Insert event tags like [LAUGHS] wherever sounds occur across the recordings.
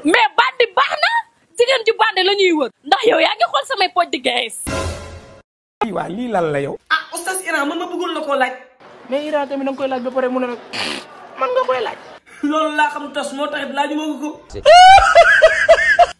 mais bandi baax na jigéen ju bandi la ñuy wër ndax yow yaa ngi xool samay poj lii lan la yow. ah oustaz Iran man ma bëggoon la koo laaj. mais Iran tamit da koy laaj ba pare mu ne nag man nga koy laaj. loolu laa xam tas moo taxit laaj moo ko. [LAUGHS]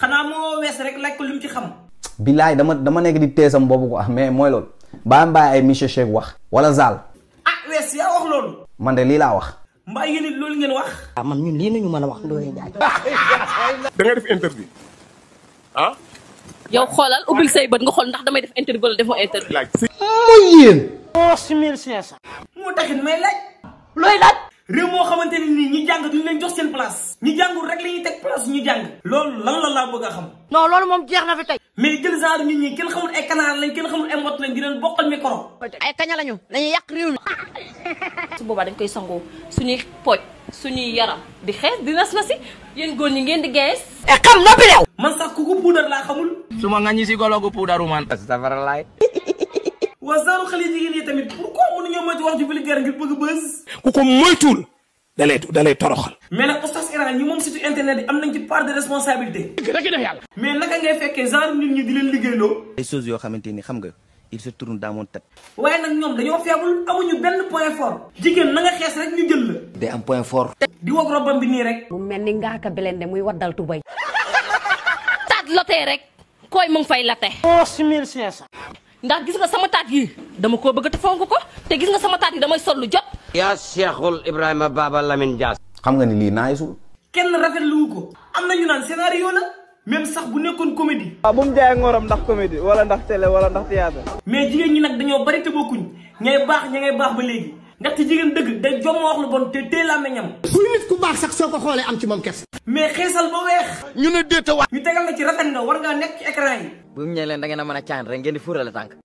xanaa moo wees rek laaj ko li ci xam. bilaay dama nekk di teesam boobu ko ah mais mooy loolu. baa mbaay ay monsieur Cheikh wax. walla Zal. ah wees yaa wax loolu. lii laa wax. mbaa yéen loolu ngeen wax. ah man ñun lii nañu mën a wax Ndoye Ndiaye. [LAUGHS] da ngay def interview ah. yow xoolal ubbil say bët nga xool ndax damay def interview wala defoo interview. laaj si. o yéen. onze mille cinq cent. moo taxit may laaj. looy laaj. réew moo xamante ne nii ñi jàng duñ leen jox seen place. ñi jàngul rek la ñuy teg place ñu jàng. loolu lan la laa bëgg a xam. non loolu moom jeex na fi tey. mais gën genre nit ñi kenn xamul ay kanaar lañ kenn xamul ay mott lañ di leen bokkal micro. ay kaña lañu. dañuy yàq réew mi. [LAUGHS] su boba dañ koy sangoo suñuy poj suñuy yaram di xex di nas na yeen goor ñi ngeen di gees e xam bi dew man sax kuku poudre la xamul suma ma ngañi si golo ko puudaru man safara laay waa saaru xali jigéen yi tamit pourquoi mënu ñoo moytu wax ju vulgaire ngir bëgg bës ku ko moytuul dalay dalay toroxal mais nak oustaz iran ñi mom site internet am nañ ci part de responsabilité rek def yalla mais naka ngay fekke genre nit ñi di leen liggéelo ay choses yo xamanteni xam nga il se tourne dans mon tête. waaye nak ñom dañoo feebul amuñu benn point fort. jigen na nga xess rek ñu jël la. day am point fort. di wok robam bi ni rek. mu melni nga ka belende muy waddal tubay. [LAUGHS] tat loté rek. koy mu ngi fay laté 3500. ndax gis nga sama tat yi dama ko bëgg te fonk ko te gis nga sama tat yi damay sollu jot. ya Cheikhul Ibrahima Baba Lamine Dias. xam nga ni li naayisul. kenn rafetlu wu ko. am ñu nan scénario la. même sax bu nekkoon comédie. waaw ah, bu mu jaayee ngorom ndax comédie wala ndax télé wala ndax théâtre. mais jigéen ñi nag dañoo bari te bokkuñ ñay baax ña ngay baax ba léegi ndaxte jigéen dëgg day jom wax lu bon te teel a meññam. suy nit ku baax sax soo ko xoolee am ci moom kese. mais xeesal ba weex. ñu ne déet a waay. ñu tegal la ci rafet na war ngaa nekk ci écran yi. bu mu ñëwee leen da ngeen a mën a caan rek ngeen di fuurale tànk.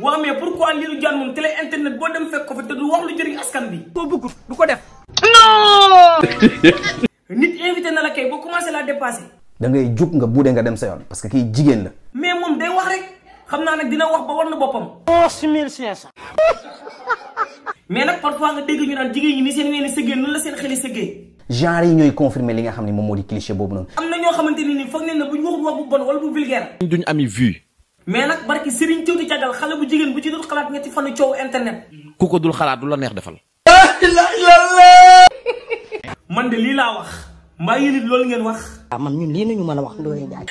waaw mais pourquoi liiru jaan moom télé internet boo dem fekk ko fa te du wax lu jëriñ askan bi. soo bëggut du ko def. non. nit invité na la kay boo commencé laa da ngay juk nga buudee nga dem sa yoon parce que ki jigen la. mais mom day wax rek xamna nak dina wax ba war na bopam 3500. mais nak parfois nga dégg ñu naan jigen ñi ni seen weeni sëggee noonu la seen xéli sëggee. genre yi ñoy confirmer li nga xamni mom modi cliché bobu non amna ño xamanteni ni fakk neen na nañ ne bu ñu wax bu bon wala bu vulgaire. duñ ami vue. mais nak barki Serigne Thiaw di jagal xale bu jigen bu ci dul xalat ñetti fanu ciow internet. kuko dul xalat dula neex defal. man de li la wax mbaa yéen ngeen wax. Ah, man ñun lii nañu mën wax Ndoye Ndiaye.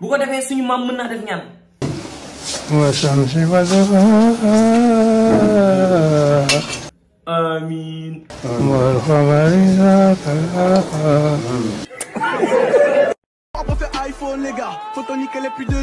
bu ko defee suñu maam mën def ñaan. iPhone les gars, faut toniquer les plus de